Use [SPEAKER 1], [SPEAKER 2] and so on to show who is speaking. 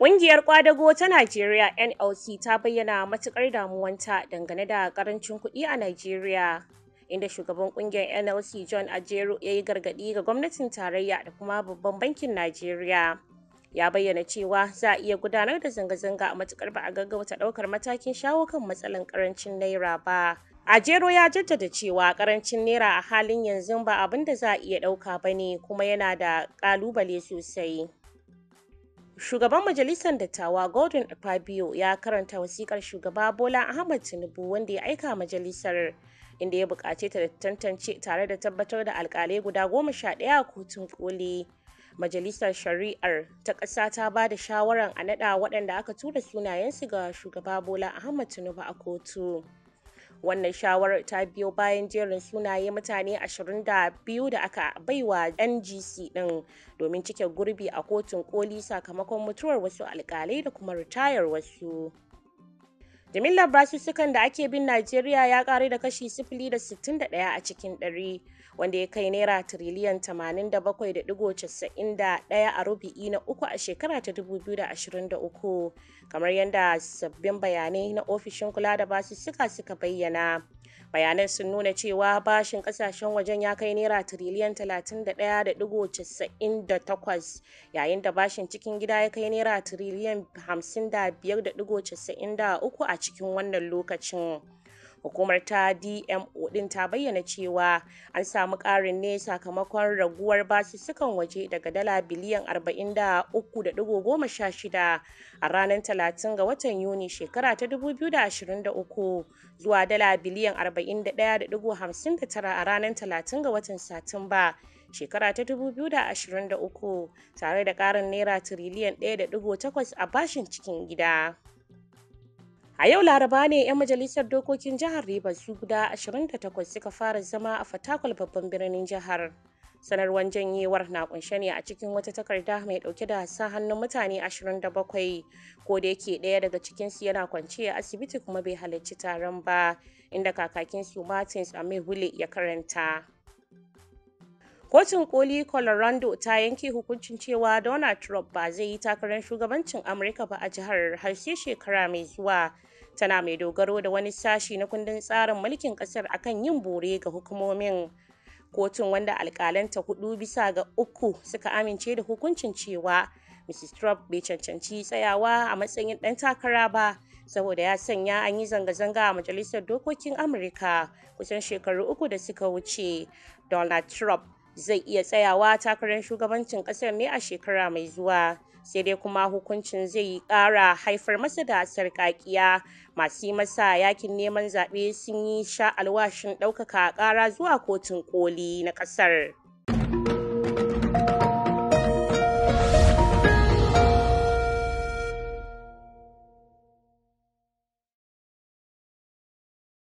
[SPEAKER 1] Ƙungiyar ƙwadago ta Najeriya NLC ta bayyana matuƙar damuwanta dangane da ƙarancin kuɗi a Najeriya, inda shugaban ƙungiyar NLC John Ajeru ya yi gargaɗi ga gwamnatin tarayya da kuma babban bankin Najeriya. Ya bayyana cewa za a iya gudanar da zanga-zanga a matuƙar ba a gaggauta ɗaukar matakin shawo kan matsalar ƙarancin naira ba. Ajero ya jaddada cewa ƙarancin naira a halin yanzu ba abin da za a iya ɗauka ba ne kuma yana da ƙalubale sosai. Shugaban Majalisar Dattawa Gordon Fabio ya karanta wasikar shugaba Bola Ahmad Tinubu wanda ya aika majalisar inda ya bukace ta da tantance tare da tabbatar da alkalai guda goma sha daya a kotun koli. Majalisar Shari'ar ta ƙasa ta ba da shawarar a naɗa waɗanda aka tura sunayensu ga shugaba Bola Ahmad Tinubu a kotu. Wannan shawarar ta biyo bayan jerin sunaye mutane 22 da aka baiwa NGC din domin cike gurbi a kotun koli sakamakon mutuwar wasu alkalai da kuma ritayar wasu. Jimillar basussukan da ake bin Najeriya ya ƙaru da kashi da 0.61 a cikin ɗari, wanda ya kai naira tiriliyan 87.91 a rubi'i na uku a shekara ta 2023, kamar yadda sabbin bayanai na ofishin kula da basussuka suka bayyana. Bayanan sun nuna cewa bashin kasashen wajen ya kai naira tiriliyan 31.98 yayin da bashin cikin gida ya kai naira tiriliyan 55.93 a cikin wannan lokacin Hukumar ta DMO din ta bayyana cewa an samu ƙarin ne sakamakon raguwar basussukan waje daga dala biliyan 43.16 a ranar 30 ga watan Yuni shekara ta 2023 zuwa dala biliyan 41.59 a ranar 30 ga watan Satumba. shekara ta 2023 tare da ƙarin naira tiriliyan 1.8 a bashin cikin gida. A yau Laraba ne 'yan majalisar dokokin jihar Rivers su guda 28 suka fara zama a Fatakwal babban birnin jihar. Sanarwar janyewar na kunshe ne a cikin wata takarda mai dauke da sa hannun mutane 27 ko da yake daya daga cikinsu yana kwance a asibiti kuma bai halarci taron ba inda kakakin su Martins Amehule ya karanta. Kotun Koli Colorado ta yanke hukuncin cewa Donald Trump ba zai yi takarar shugabancin Amurka ba a jihar har sai shekara mai zuwa. Tana mai dogaro da wani sashi na kundin tsarin mulkin kasar akan yin bore ga hukumomin. Kotun wanda alkalanta hudu bisa ga uku suka amince da hukuncin cewa Mrs. Trump bai cancanci tsayawa a matsayin ɗan takara ba saboda ya sanya an yi zanga-zanga a Majalisar Dokokin Amurka kusan shekaru uku da suka wuce. Donald Trump zai iya tsayawa takarar shugabancin kasar ne a shekara mai zuwa sai dai kuma hukuncin zai yi ƙara haifar masa da sarkakiya masu yi masa yakin neman zaɓe sun yi sha alwashin ɗaukaka ƙara zuwa kotun koli na ƙasar